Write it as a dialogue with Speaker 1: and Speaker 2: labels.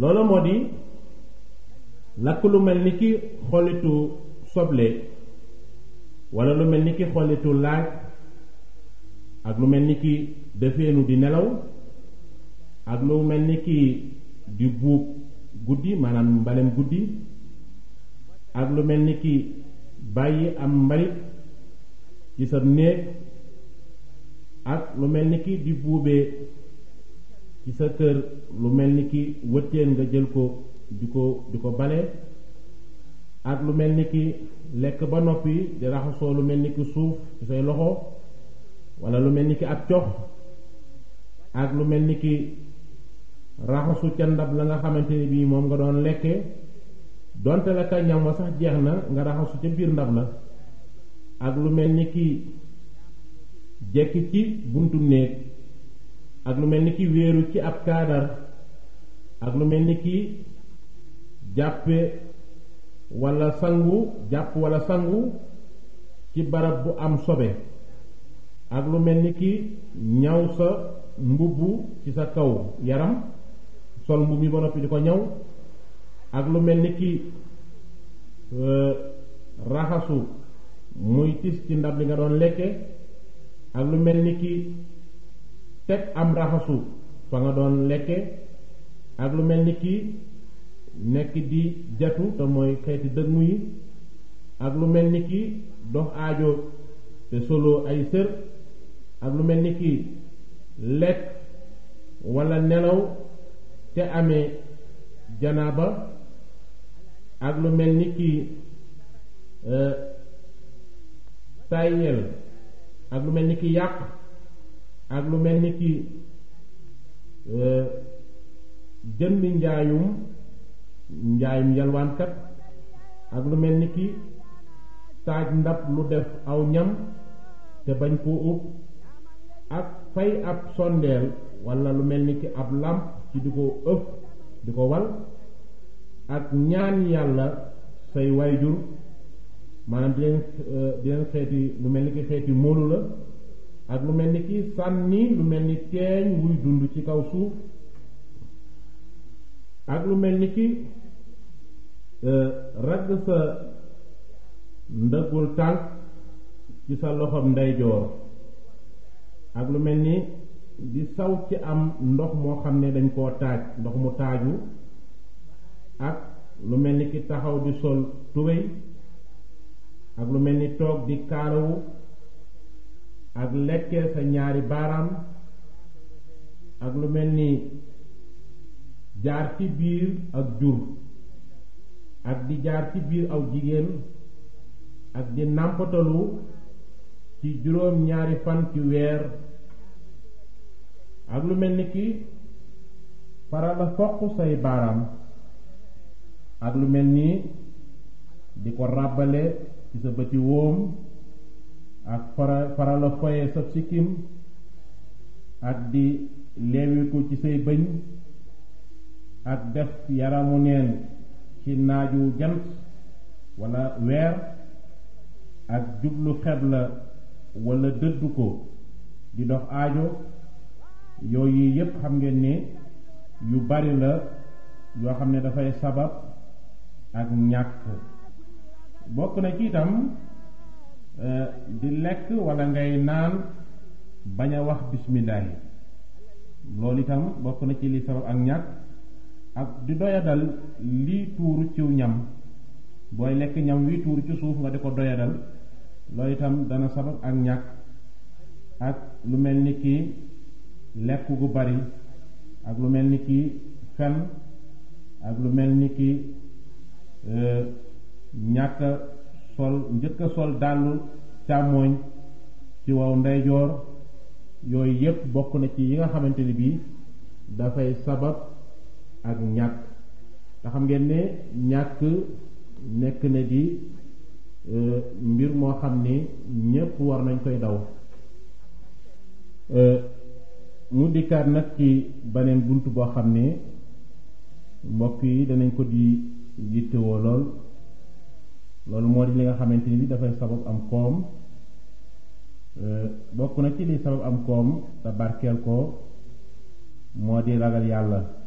Speaker 1: loolu moo di lakk lu mel ni ki xolitu soble wala lu mel ni ki xolitu laaj ak lu mel ni ki defeenu di nelaw ak lu mel ni ki di buub guddi maanaam mbalem guddi ak lu mel ni ki bàyyi am mbalit ci sa néeg ak lu mel ni ki di buubee ci sa kër lu mel ni ki wëttéen nga jël ko di ko di ko bale ak lu mel ni ki lekk ba noppi di raxasoo lu mel ni ki suuf ci say loxo wala lu mel ni ki ab cox ak lu mel ni ki raxasu ca ndab la nga xamante ne bii moom nga doon lekke donte la ka wa sax jeex na nga raxasu ca biir ndab la ak lu mel ni ki jekki ci buntu néeg ak lu mel ni ki wéeru ci ab kaadar ak lu mel ni ki jàppe walla sangu jàpp walla sangu ci barab bu am sobe ak lu mel ni ki ñaw sa mbubb ci sa kaw yaram sol mbubb mi ba noppi di ko ñaw ak lu mel ni ki euh, raxasu muy tis ci ndab li nga doon lekke ak lu mel ni ki teg am raxasu fa nga doon lekke ak lu mel ni kii nekk di jatu te mooy xeeti dëgmu yi ak lu mel ni ki dox aajo te solo ay sër ak lu mel ni kii lekk walla nelaw te amee janaaba ak lu mel ni kii euh, tayel ak lu mel ni ki yàq ak lu mel ni ki euh, jëmmi njaayum njaayum yalwaankat ak lu mel ni ki taaj ndab lu def aw ñam te bañ koo ub ak fay ab sondeel walla lu mel ni ki ab làmp ci di ko ëf di ko wal ak ñaan yàlla say wayjur maanaam di leen euh, di leen xeeti lu mel ni ki xeeti móolu la ak lu mel ni ki sànni lu mel ni teeñ wuy dund ci kaw suuf ak lu mel ni ki euh, ragg sa ndëggul tànk ci sa loxob ndeyjoor ak lu mel ni di saw ci am ndox moo xam ne dañ koo taaj ndox mu taaju ak lu mel ni ki taxaw di sol tubéy ak lu mel ni toog di kaalawu ak lekkee sa ñaari baaraam ak lu mel ni jaar ci biir ak jur ak di jaar ci biir aw jigéen ak di nàmpatalu ci juróom ñaari fan ci weer ak lu mel ni ki farala foq say baaraam ak lu mel ni di ko ràbbale ci sa bëti wóom ak fara faral a foye sa sikkim ak di leewiku ci say bëñ ak def yaramu neen ci naaju jant walla weer ak jublu xebla walla dëddu ko di dox aajo yooyu yépp xam ngeen ni yu bari la yoo xam ne dafay sabab ak ñàkk bokk na ci itam Euh, di lekk wala ngay naan bañ a wax bismillaahi loolu itam bokk na ci li sabab ak ñàkk ak di doyadal lii tuuru ciw ñam booy lekk ñam wii tuuru ci suuf nga di ko doyadal loolu itam dana sabab ak ñàkk ak lu mel ni ki lekk gu bari ak lu mel ni ki fen ak lu mel ni ki euh, ñàkk sol njëkk a sol dàllu càmmooñ ci waw ndeyjoor yooyu yépp bokk na ci yi nga xamante ni bii dafay sabab ak ñàkk te xam ngeen ne ñàkk nekk na di e, mbir moo xam ne ñépp war nañ koy daw e, mu dikkaat nag ci beneen bunt boo xam ne mbokk yi danañ ko di yittewoo lool loolu moo di li nga xamante ni bi dafay sabab am koom euh, bokk na ci li sabab am koom te barkeel ko moo di ragal yàlla